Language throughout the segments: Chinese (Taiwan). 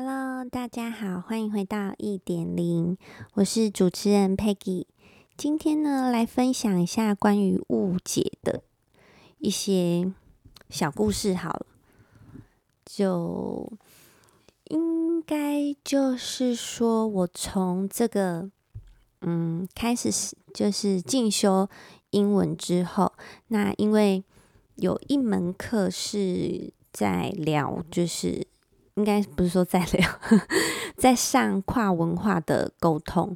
Hello，大家好，歡迎回到一點零，我是主持人 Peggy。今天呢，來分享一下關於誤解的一些小故事。好了，就應該就是說我從這個嗯開始就是進修英文之後，那因為有一門課是在聊就是。應該不是說在聊，呵呵，在上跨文化的溝通。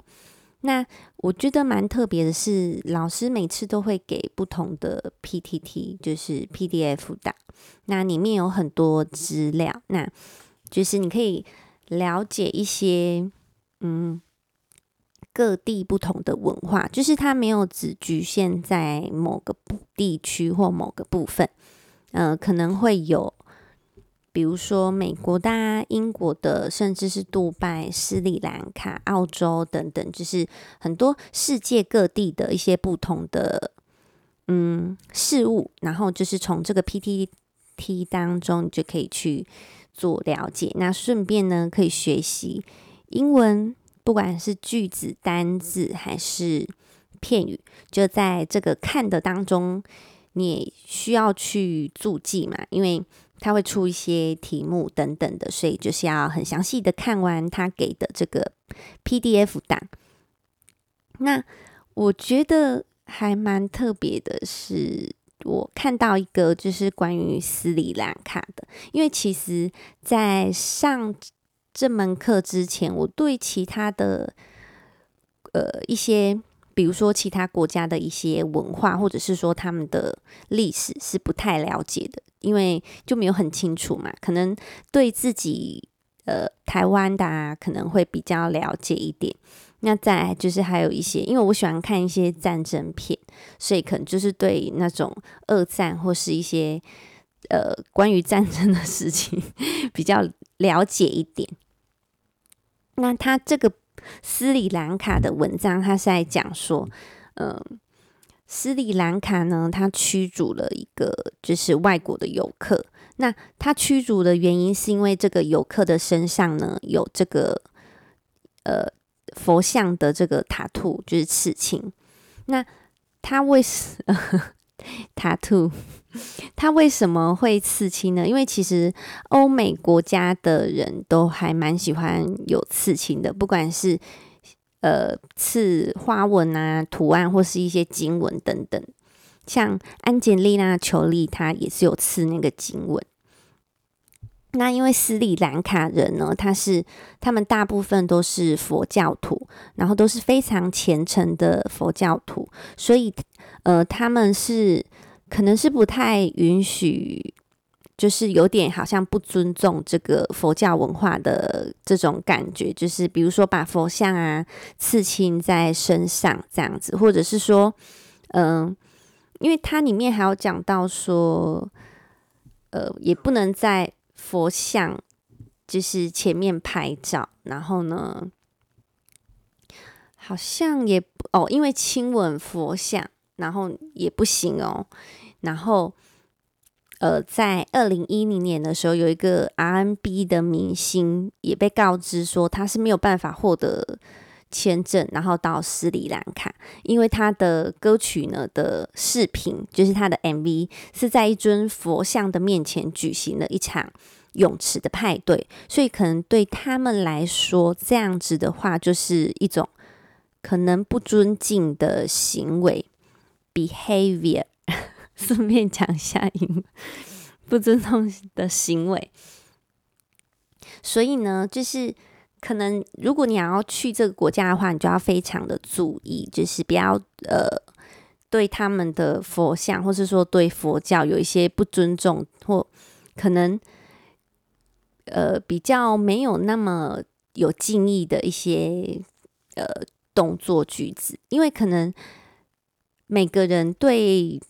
那我覺得蠻特別的是，老師每次都會給不同的 PTT 就是 PDF 檔。那裡面有很多資料，那就是你可以了解一些嗯各地不同的文化，就是它沒有只局限在某個地區或某個部分。呃，可能會有。比如說美國的、啊、英國的，甚至是杜拜、斯里蘭卡、澳洲等等，就是很多世界各地的一些不同的嗯事物，然後就是從這個 PPT 當中，你就可以去做了解。那順便呢，可以學習英文，不管是句子、單字還是片語，就在這個看的當中。你需要去註記嘛，因為他會出一些題目等等的，所以就是要很詳細的看完他給的這個 PDF 檔。那我覺得還蠻特別的是，我看到一個就是關於斯里蘭卡的，因為其實，在上這門課之前，我對其他的呃一些。比如說其他國家的一些文化，或者是說他們的歷史是不太了解的，因為就沒有很清楚嘛。可能對自己呃台灣的、啊、可能會比較了解一點。那再就是還有一些，因為我喜歡看一些戰爭片，所以可能就是對那種二戰或是一些呃關於戰爭的事情比較了解一點。那他這個。斯里蘭卡的文章，他是在講說，嗯、呃，斯里蘭卡呢，他驅逐了一個就是外國的遊客。那他驅逐的原因是因為這個遊客的身上呢有這個呃佛像的這個 tattoo，就是刺青。那他為什？呵呵 Tattoo 他為什麼會刺青呢？因為其實歐美國家的人都還蠻喜歡有刺青的，不管是呃刺花紋啊、圖案或是一些經文等等。像安吉麗娜·裘麗她也是有刺那個經文。那因為斯里蘭卡人呢，他是他們大部分都是佛教徒，然後都是非常虔誠的佛教徒，所以。呃，他們是可能是不太允許，就是有點好像不尊重這個佛教文化的這種感覺，就是比如說把佛像啊刺青在身上這樣子，或者是說，嗯、呃，因為它裡面還有講到說，呃，也不能在佛像就是前面拍照，然後呢，好像也哦，因為親吻佛像。然後也不行哦。然後，呃，在二零一零年的時候，有一個 R N B 的明星也被告知說他是沒有辦法獲得簽證，然後到斯里蘭卡，因為他的歌曲呢的視頻，就是他的 M V 是在一尊佛像的面前舉行了一場泳池的派對，所以可能對他們來說，這樣子的話就是一種可能不尊敬的行為。Behavior，順 便講一下，不尊重的行為。所以呢，就是可能如果你要去這個國家的話，你就要非常的注意，就是不要呃對他們的佛像，或是說對佛教有一些不尊重，或可能呃比較沒有那麼有敬意的一些呃動作、句子，因為可能。每個人對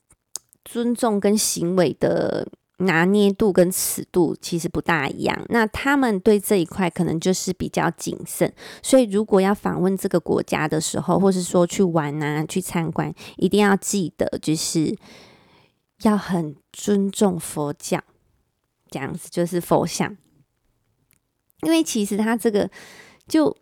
尊重跟行為的拿捏度跟尺度其實不大一樣，那他們對這一塊可能就是比較謹慎，所以如果要訪問這個國家的時候，或是說去玩啊、去參觀，一定要記得就是要很尊重佛教。這樣子就是佛像，因為其實他這個就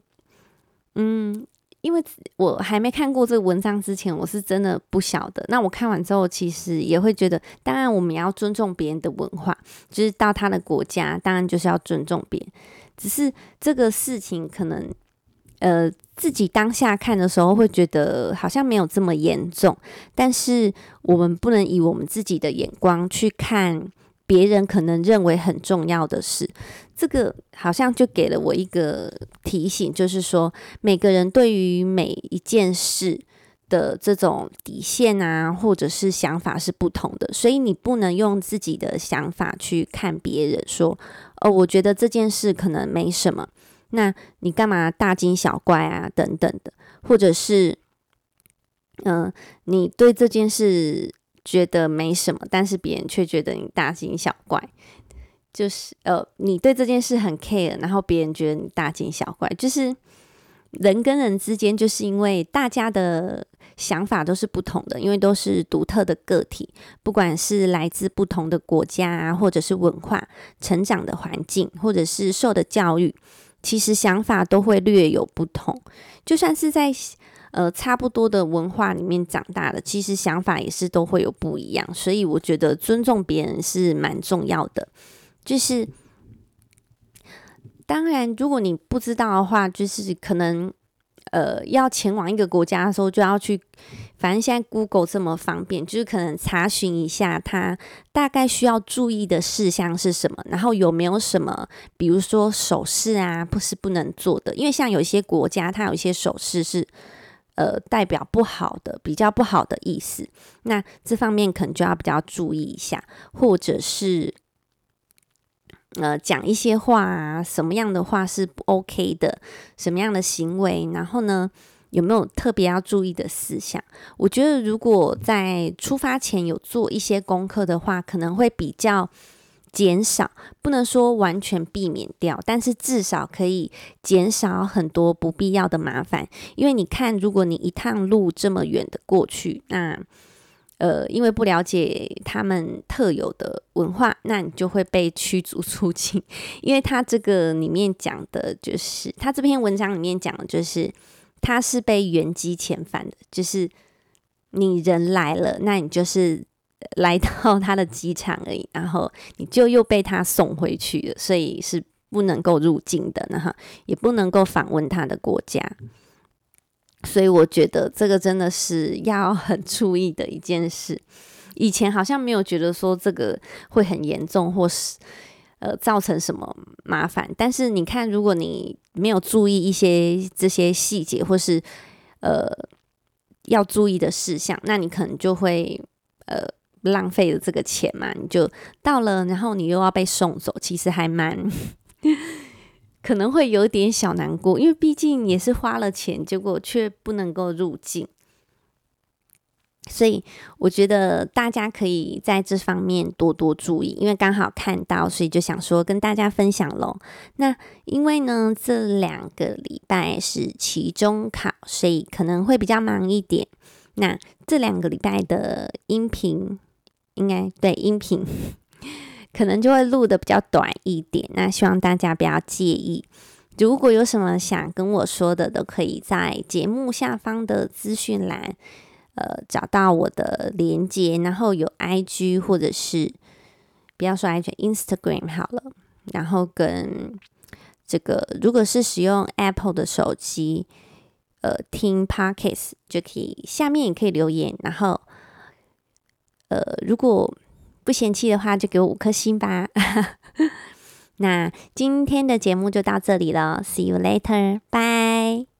嗯。因為我還沒看過這個文章之前，我是真的不曉得。那我看完之後，其實也會覺得，當然我們也要尊重別人的文化，就是到他的國家，當然就是要尊重別人。只是這個事情，可能呃自己當下看的時候，會覺得好像沒有這麼嚴重，但是我們不能以我們自己的眼光去看。別人可能認為很重要的事，這個好像就給了我一個提醒，就是說每個人對於每一件事的這種底線啊，或者是想法是不同的，所以你不能用自己的想法去看別人，說，哦，我覺得這件事可能沒什麼，那你幹嘛大驚小怪啊？等等的，或者是，嗯、呃，你對這件事，覺得沒什麼，但是別人卻覺得你大驚小怪。就是呃，你對這件事很 care，然後別人覺得你大驚小怪。就是人跟人之間，就是因為大家的想法都是不同的，因為都是獨特的個體，不管是來自不同的國家啊，或者是文化、成長的環境，或者是受的教育，其實想法都會略有不同。就算是在。呃，差不多的文化裡面長大的，其實想法也是都會有不一樣，所以我覺得尊重別人是蠻重要的。就是，當然，如果你不知道的話，就是可能，呃，要前往一個國家的時候就要去，反正現在 Google 這麼方便，就是可能查詢一下它大概需要注意的事項是什麼，然後有沒有什麼，比如說手勢啊，不是不能做的，因為像有些國家，它有一些手勢是。呃，代表不好的，比較不好的意思。那這方面可能就要比較注意一下，或者是呃講一些話啊，什麼樣的話是不 OK 的，什麼樣的行為，然後呢，有沒有特別要注意的思想？我覺得如果在出發前有做一些功課的話，可能會比較。減少，不能說完全避免掉，但是至少可以減少很多不必要的麻煩。因為你看，如果你一趟路這麼遠的過去，那呃，因為不了解他們特有的文化，那你就會被驅逐出境。因為他這個裡面講的就是，他這篇文章裡面講的就是，他是被原機遣返的，就是你人來了，那你就是。來到他的機場而已，然後你就又被他送回去了，所以是不能夠入境的，然後也不能夠訪問他的國家。所以我覺得這個真的是要很注意的一件事。以前好像沒有覺得說這個會很嚴重，或是呃造成什麼麻煩。但是你看，如果你沒有注意一些這些細節，或是呃要注意的事項，那你可能就會呃。浪費了這個錢嘛？你就到了，然後你又要被送走，其實還蠻可能會有點小難過，因為畢竟也是花了錢，結果卻不能夠入境。所以我覺得大家可以在這方面多多注意，因為剛好看到，所以就想說跟大家分享嘍。那因為呢，這兩個禮拜是期中考，所以可能會比較忙一點。那這兩個禮拜的音頻。應該對音頻可能就會錄的比較短一點，那希望大家不要介意。如果有什麼想跟我說的，都可以在節目下方的資訊欄，呃，找到我的連接，然後有 IG 或者是不要說 IG，Instagram 好了。然後跟這個，如果是使用 Apple 的手機，呃，聽 Podcast 就可以，下面也可以留言，然後。呃，如果不嫌棄的話，就給我五顆星吧。 那今天的節目就到這裡了，see you later，b y e